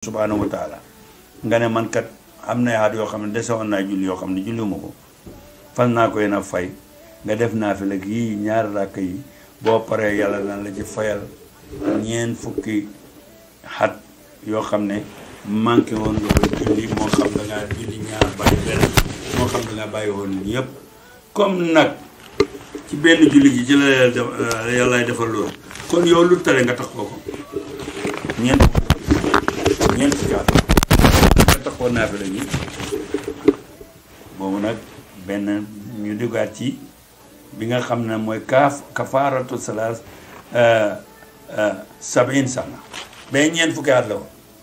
subhanahu wa taala ngane ne man kat amna na yo xamne xam ne desewoon naa julli yoo xam ne julli ma ko fas fay nga def na fi lek yi ñaar ràkk yi boo paree yàlla daan la ci fayal ñeen fukki hat yo xamne manke won woon julli mo xam da nga julli ñaar bàyyi ben mo xam da nga bàyyi won yëpp comme nak ci ben julli ji ci yalla defal lo kon yo lu tale nga tax koko ñeen ñeent fukki at nga taxoon naa fi la boobu nag benn ñu duggaat ci bi nga xam ne mooy kaaf kafaaratu salaas euh, euh, sabin sana ba ñeent fukki at la woon